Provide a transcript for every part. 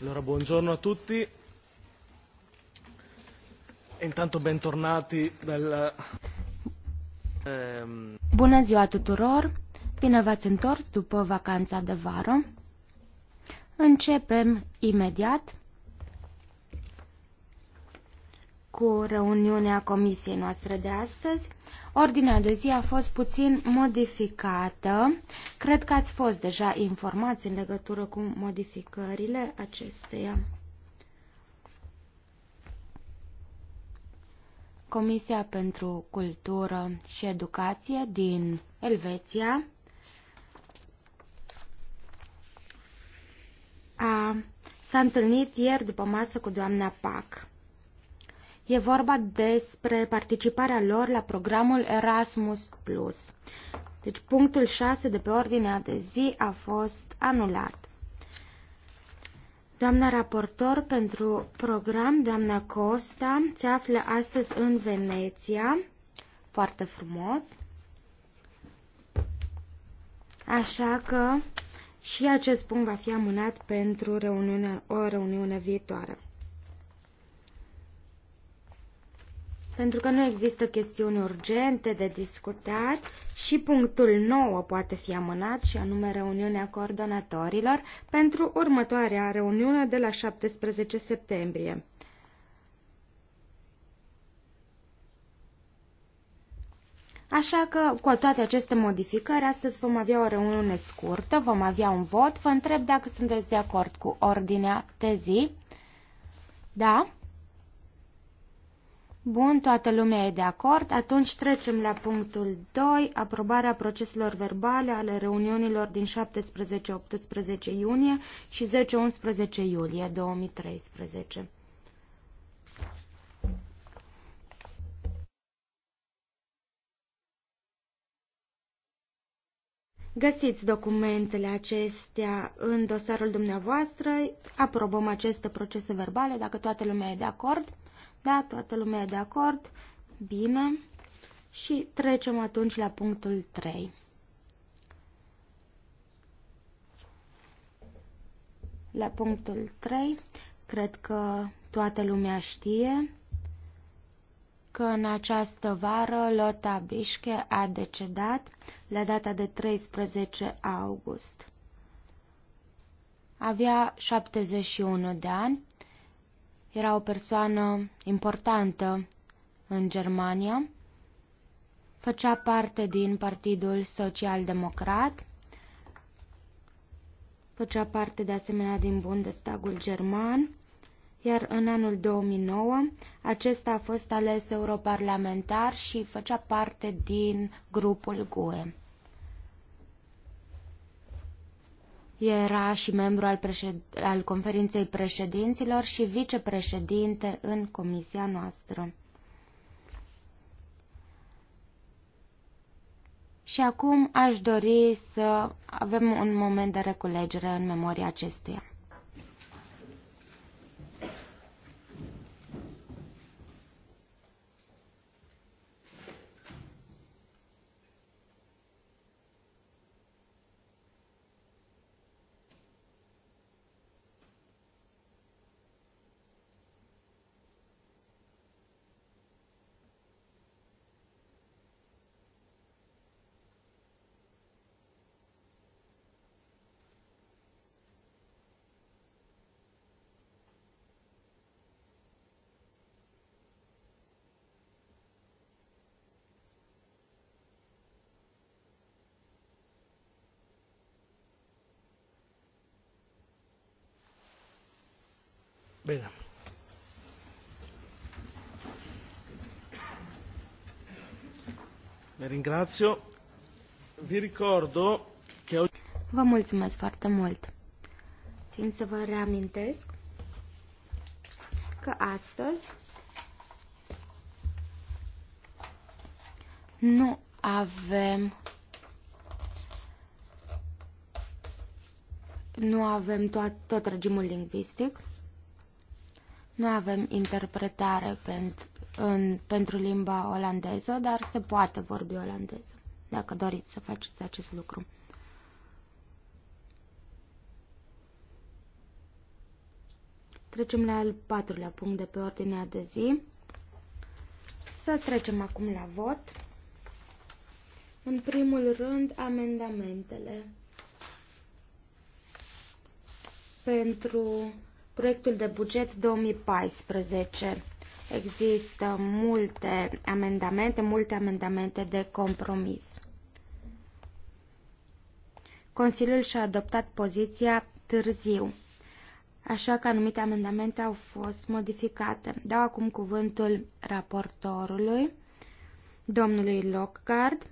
Allora, buongiorno a tutti. Intanto bentornati dal... Ehm... Bună ziua tuturor! Bine v-ați întors după vacanța de vară. Începem imediat cu reuniunea comisiei noastre de astăzi. Ordinea de zi a fost puțin modificată. Cred că ați fost deja informați în legătură cu modificările acesteia. Comisia pentru Cultură și Educație din Elveția a, s-a întâlnit ieri după masă cu doamna Pac. E vorba despre participarea lor la programul Erasmus+. Deci punctul 6 de pe ordinea de zi a fost anulat. Doamna raportor pentru program, doamna Costa, se află astăzi în Veneția. Foarte frumos. Așa că și acest punct va fi amânat pentru reuniunea, o reuniune viitoare. pentru că nu există chestiuni urgente de discutat și punctul 9 poate fi amânat, și anume reuniunea coordonatorilor, pentru următoarea reuniune de la 17 septembrie. Așa că, cu toate aceste modificări, astăzi vom avea o reuniune scurtă, vom avea un vot. Vă întreb dacă sunteți de acord cu ordinea de zi. Da? Bun, toată lumea e de acord. Atunci trecem la punctul 2, aprobarea proceselor verbale ale reuniunilor din 17-18 iunie și 10-11 iulie 2013. Găsiți documentele acestea în dosarul dumneavoastră, aprobăm aceste procese verbale dacă toată lumea e de acord. Da, toată lumea e de acord? Bine. Și trecem atunci la punctul 3. La punctul 3, cred că toată lumea știe că în această vară Lota Bișche a decedat la data de 13 august. Avea 71 de ani era o persoană importantă în Germania, făcea parte din Partidul Social Democrat, făcea parte de asemenea din Bundestagul German, iar în anul 2009 acesta a fost ales europarlamentar și făcea parte din grupul GUE. Era și membru al, președ- al conferinței președinților și vicepreședinte în comisia noastră. Și acum aș dori să avem un moment de reculegere în memoria acestuia. Bine. Le ringrazio. Vi ricordo che Vă mulțumesc foarte mult. Țin să vă reamintesc că astăzi nu avem nu avem tot, tot regimul lingvistic. Nu avem interpretare pentru, în, pentru limba olandeză, dar se poate vorbi olandeză, dacă doriți să faceți acest lucru. Trecem la al patrulea punct de pe ordinea de zi. Să trecem acum la vot. În primul rând, amendamentele. Pentru Proiectul de buget 2014. Există multe amendamente, multe amendamente de compromis. Consiliul și-a adoptat poziția târziu, așa că anumite amendamente au fost modificate. Dau acum cuvântul raportorului, domnului Lockhart,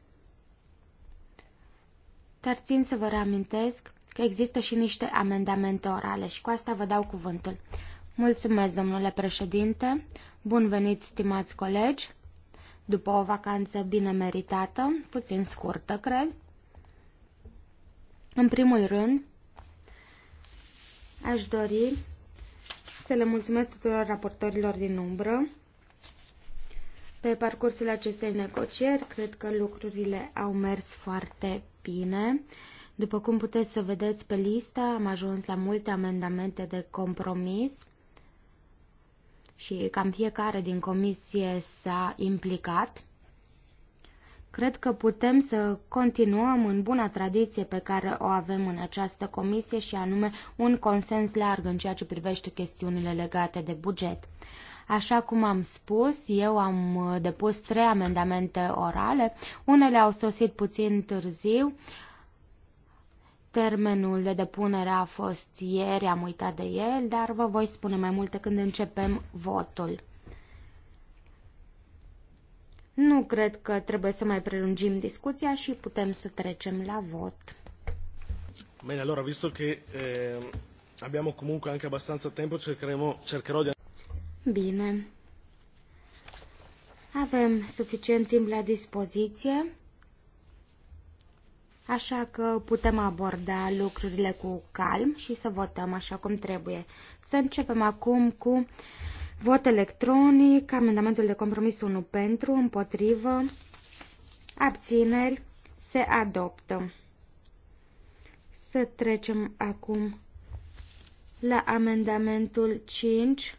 dar țin să vă reamintesc că există și niște amendamente orale și cu asta vă dau cuvântul. Mulțumesc, domnule președinte. Bun venit, stimați colegi. După o vacanță bine meritată, puțin scurtă, cred. În primul rând, aș dori să le mulțumesc tuturor raportorilor din umbră. Pe parcursul acestei negocieri, cred că lucrurile au mers foarte bine. Uh, după cum puteți să vedeți pe lista, am ajuns la multe amendamente de compromis și cam fiecare din comisie s-a implicat. Cred că putem să continuăm în buna tradiție pe care o avem în această comisie și anume un consens larg în ceea ce privește chestiunile legate de buget. Așa cum am spus, eu am depus trei amendamente orale, unele au sosit puțin târziu, uh, Termenul de depunere a fost ieri, am uitat de el, dar vă voi spune mai multe când începem votul. Nu cred că trebuie să mai prelungim discuția și putem să trecem la vot. Bine, allora, visto che eh, abbiamo comunque anche abbastanza tempo, cercheremo, cercherò di... Bine. Avem suficient timp la dispoziție așa că putem aborda lucrurile cu calm și să votăm așa cum trebuie. Să începem acum cu vot electronic, amendamentul de compromis 1 pentru, împotrivă, abțineri, se adoptă. Să trecem acum la amendamentul 5,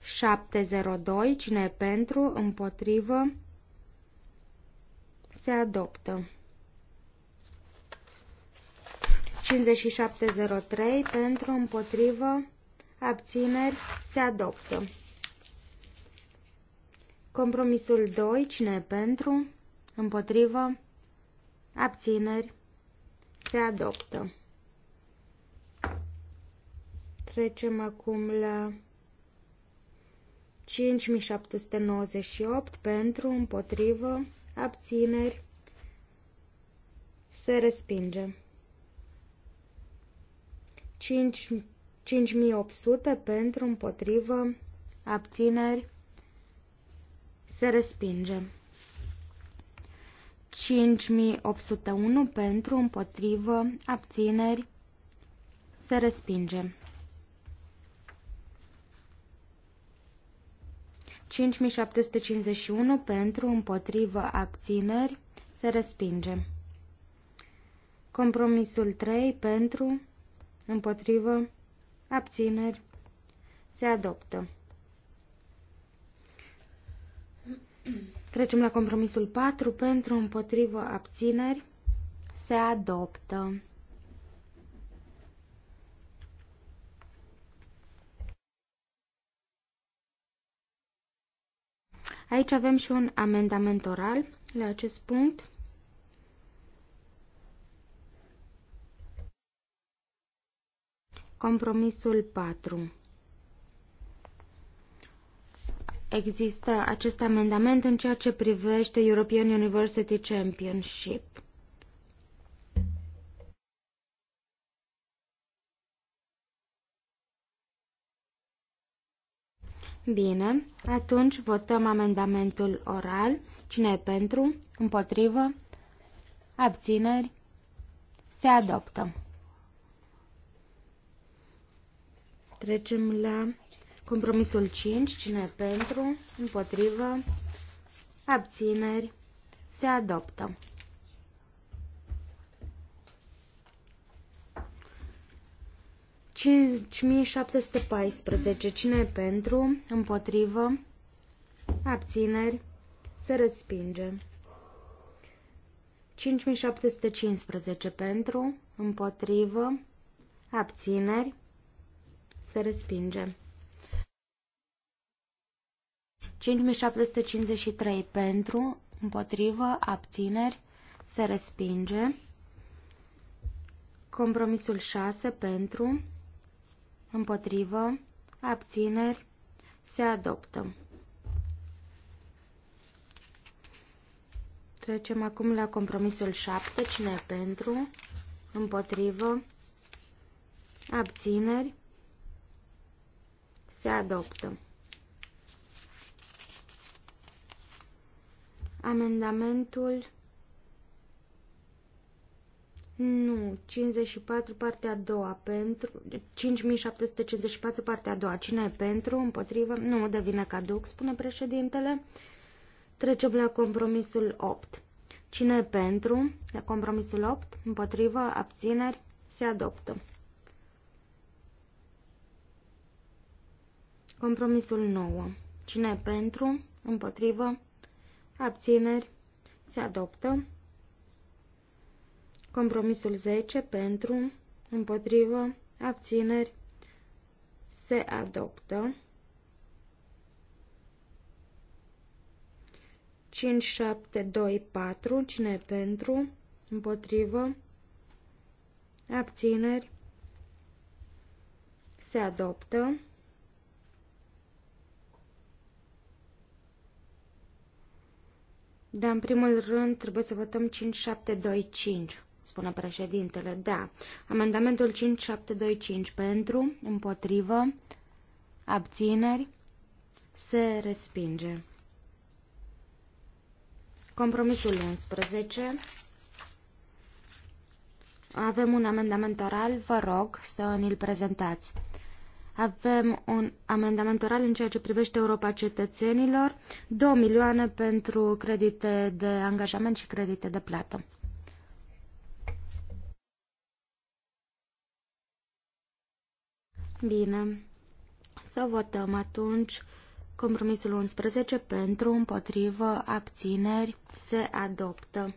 702, cine e pentru, împotrivă, se adoptă. 5703 pentru împotrivă abțineri se adoptă. Compromisul 2 cine pentru împotrivă abțineri se adoptă. Trecem acum la 5798 pentru împotrivă abțineri se respinge. 5800 pentru, împotrivă, abțineri, se respinge. 5801 pentru, împotrivă, abțineri, se respinge. 5751 pentru, împotrivă, abțineri, se respinge. Compromisul 3 pentru, împotrivă, abțineri, se adoptă. Trecem la compromisul 4, pentru, împotrivă, abțineri, se adoptă. Aici avem și un amendament oral la acest punct. Compromisul 4. Există acest amendament în ceea ce privește European University Championship. Bine, atunci votăm amendamentul oral. Cine e pentru? Împotrivă? Abțineri? Se adoptă. Trecem la compromisul 5. Cine e pentru? Împotrivă? Abțineri? Se adoptă. paisprezece. Cine e pentru? Împotrivă? Abțineri? Se respinge. 5715 pentru, împotrivă, abțineri, se respinge. 5753 pentru, împotrivă, abțineri, se respinge. Compromisul 6 pentru, împotrivă, abțineri, se adoptă. Trecem acum la compromisul 7, cine e pentru, împotrivă, abțineri, se adoptă. Amendamentul nu, 54 partea a doua pentru 5754 partea a doua. Cine e pentru? Împotrivă? Nu, devine caduc, spune președintele. Trecem la compromisul 8. Cine e pentru? La compromisul 8, împotrivă, abțineri, se adoptă. Compromisul 9. Cine pentru? Împotrivă? Abțineri? Se adoptă. Compromisul 10. Pentru? Împotrivă? Abțineri? Se adoptă. 5, 7, 2, 4. Cine pentru? Împotrivă? Abțineri? Se adoptă. Da, în primul rând trebuie să votăm 5725, spune președintele. Da, amendamentul 5725 pentru, împotrivă, abțineri, se respinge. Compromisul 11. Avem un amendament oral, vă rog să ne-l prezentați. Avem un amendament oral în ceea ce privește Europa cetățenilor, 2 milioane pentru credite de angajament și credite de plată. Bine, să votăm atunci compromisul 11 pentru, împotrivă, abțineri, se adoptă.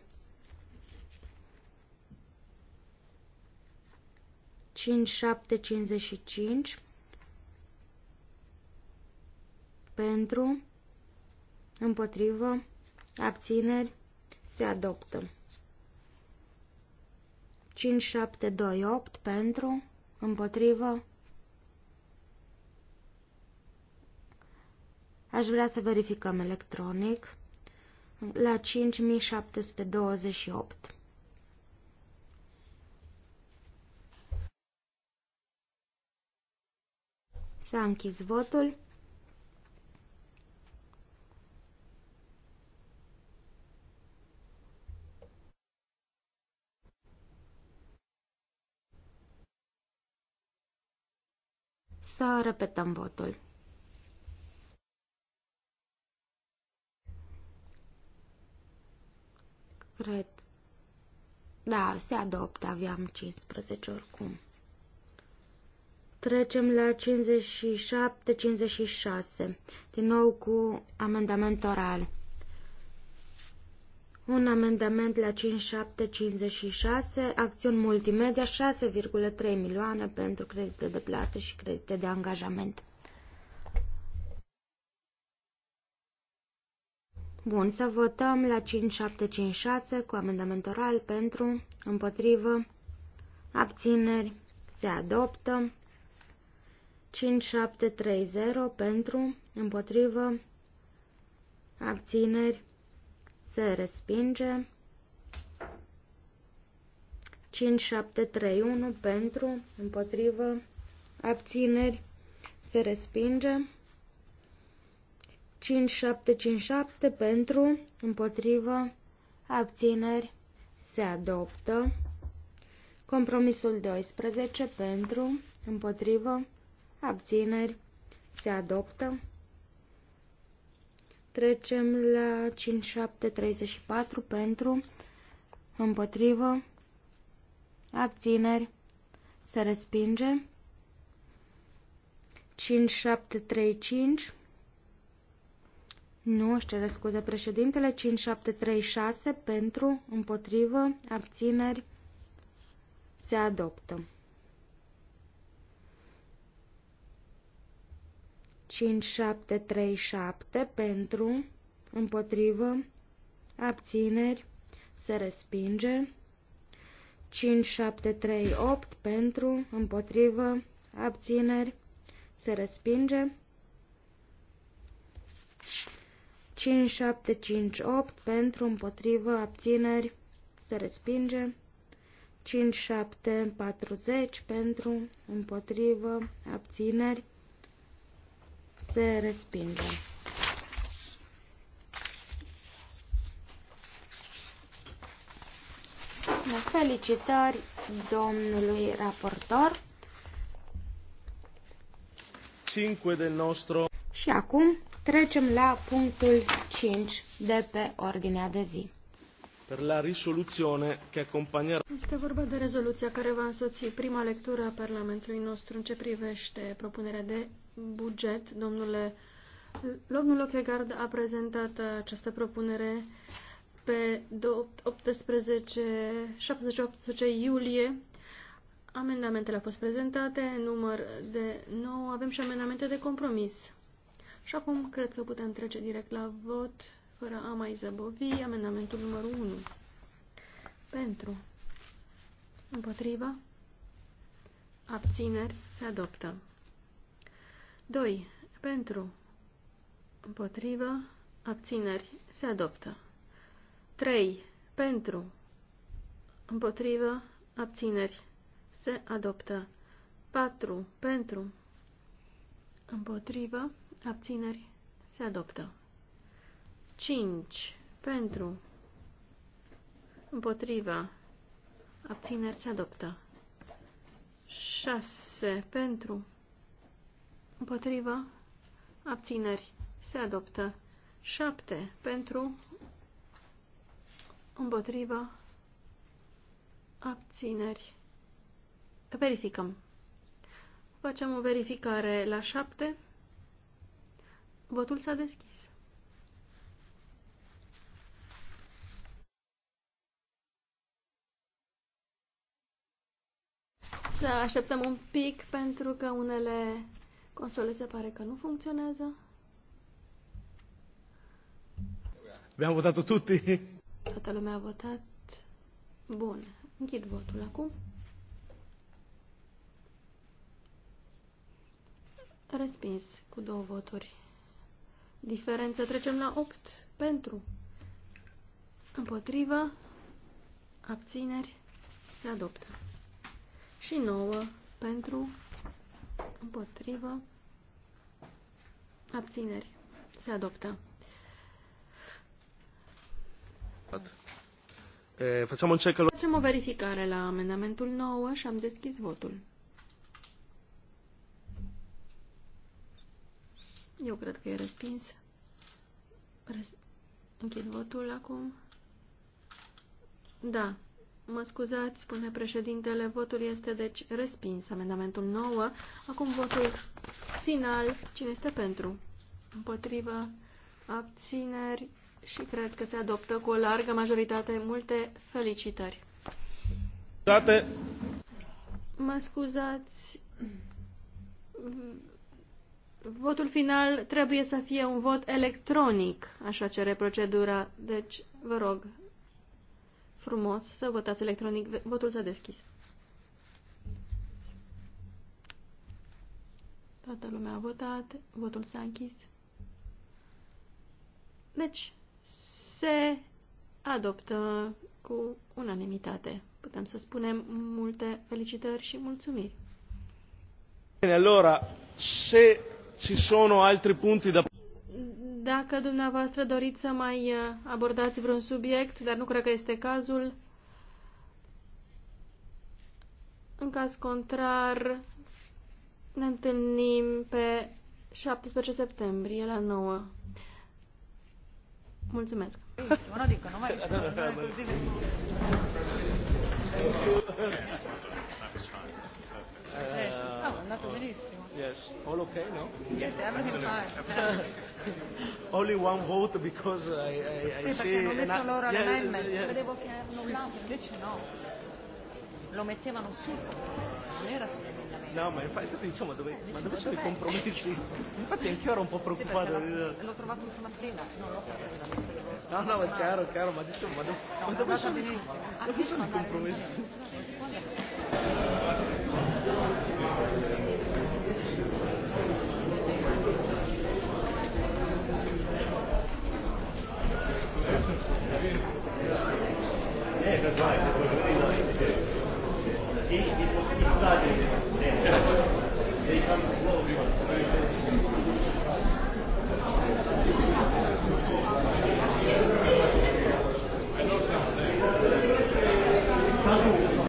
5755 pentru, împotrivă, abțineri, se adoptă. 5728 pentru, împotrivă. Aș vrea să verificăm electronic la 5728. S-a închis votul. să repetăm votul. Cred. Da, se adoptă, aveam 15 oricum. Trecem la 57-56, din nou cu amendament oral un amendament la 5756, acțiuni multimedia, 6,3 milioane pentru credite de plată și credite de angajament. Bun, să votăm la 5756 cu amendament oral pentru, împotrivă, abțineri, se adoptă. 5730 pentru, împotrivă, abțineri, se respinge. 5731 pentru, împotrivă, abțineri, se respinge. 5757 pentru, împotrivă, abțineri, se adoptă. Compromisul 12 pentru, împotrivă, abțineri, se adoptă. Trecem la 5734 pentru, împotrivă, abțineri, se respinge. 5735 nu, își cere scuze președintele, 5736 pentru, împotrivă, abțineri, se adoptă. 5737 pentru, împotrivă, abțineri, se respinge. 5738 pentru, împotrivă, abțineri, se respinge. 5758 pentru, împotrivă, abțineri, se respinge. 5740 pentru, împotrivă, abțineri, se respinge. Da, felicitări domnului raportor. 5 del nostro. Și acum trecem la punctul 5 de pe ordinea de zi. Per la risoluzione che accompagnerà. Este vorba de rezoluția care va însoți prima lectură a Parlamentului nostru în ce privește propunerea de buget, domnule Domnul Lochegard a prezentat această propunere pe 18-17 iulie. Amendamentele au fost prezentate, număr de 9, avem și amendamente de compromis. Și acum cred că putem trece direct la vot, fără a mai zăbovi, amendamentul numărul 1. Pentru. Împotriva. Abțineri. Se adoptă. 2. Pentru, împotrivă, abțineri, se adoptă. 3. Pentru, împotrivă, abțineri, se adoptă. 4. Pentru, împotrivă, abțineri, se adoptă. 5. Pentru, împotrivă, abțineri, se adoptă. 6. Pentru, împotriva, abțineri, se adoptă. 7 pentru, împotriva, abțineri. Verificăm. Facem o verificare la 7. Votul s-a deschis. Să așteptăm un pic pentru că unele Console se pare că nu funcționează. Am votat tutti? Toată lumea a votat. Bun. Închid votul acum. Respins cu două voturi. Diferență. Trecem la 8. Pentru. Împotrivă. Abțineri. Se adoptă. Și 9. Pentru împotrivă, abțineri, se adoptă. Facem, un check Facem o verificare la amendamentul 9 și am deschis votul. Eu cred că e respins. Res... Închid votul acum. Da, Mă scuzați, spune președintele, votul este deci respins. Amendamentul 9. Acum votul final. Cine este pentru? Împotrivă abțineri și cred că se adoptă cu o largă majoritate. Multe felicitări. Date. Mă scuzați. Votul final trebuie să fie un vot electronic, așa cere procedura. Deci, vă rog, frumos să votați electronic. Votul s-a deschis. Toată lumea a votat, votul s-a închis. Deci, se adoptă cu unanimitate. Putem să spunem multe felicitări și mulțumiri. Bine, allora, se ci sono altri punti da dacă dumneavoastră doriți să mai uh, abordați vreun subiect, dar nu cred că este cazul, în caz contrar, ne întâlnim pe 17 septembrie la 9. Mulțumesc! adică, nu mai Yes, all okay, no? Yes, everything fine. Only one vote because I, I, I sì, see... Sì, perché non visto loro yeah, l'amendment, yeah. vedevo che erano sì, sì. invece no. Lo mettevano su, non era sull'emendamento. No, ma infatti, insomma, dove, eh, ma dove sono i compromessi? infatti anch'io ero un po' preoccupato. Sì, l'ho, l'ho trovato stamattina, non l'ho fatto nella lista di voto. No, no, ma chiaro, chiaro, ma diciamo, ma, do, no, ma dove sono, dove sono i ah, compromessi? Ich, ich muss nicht sagen,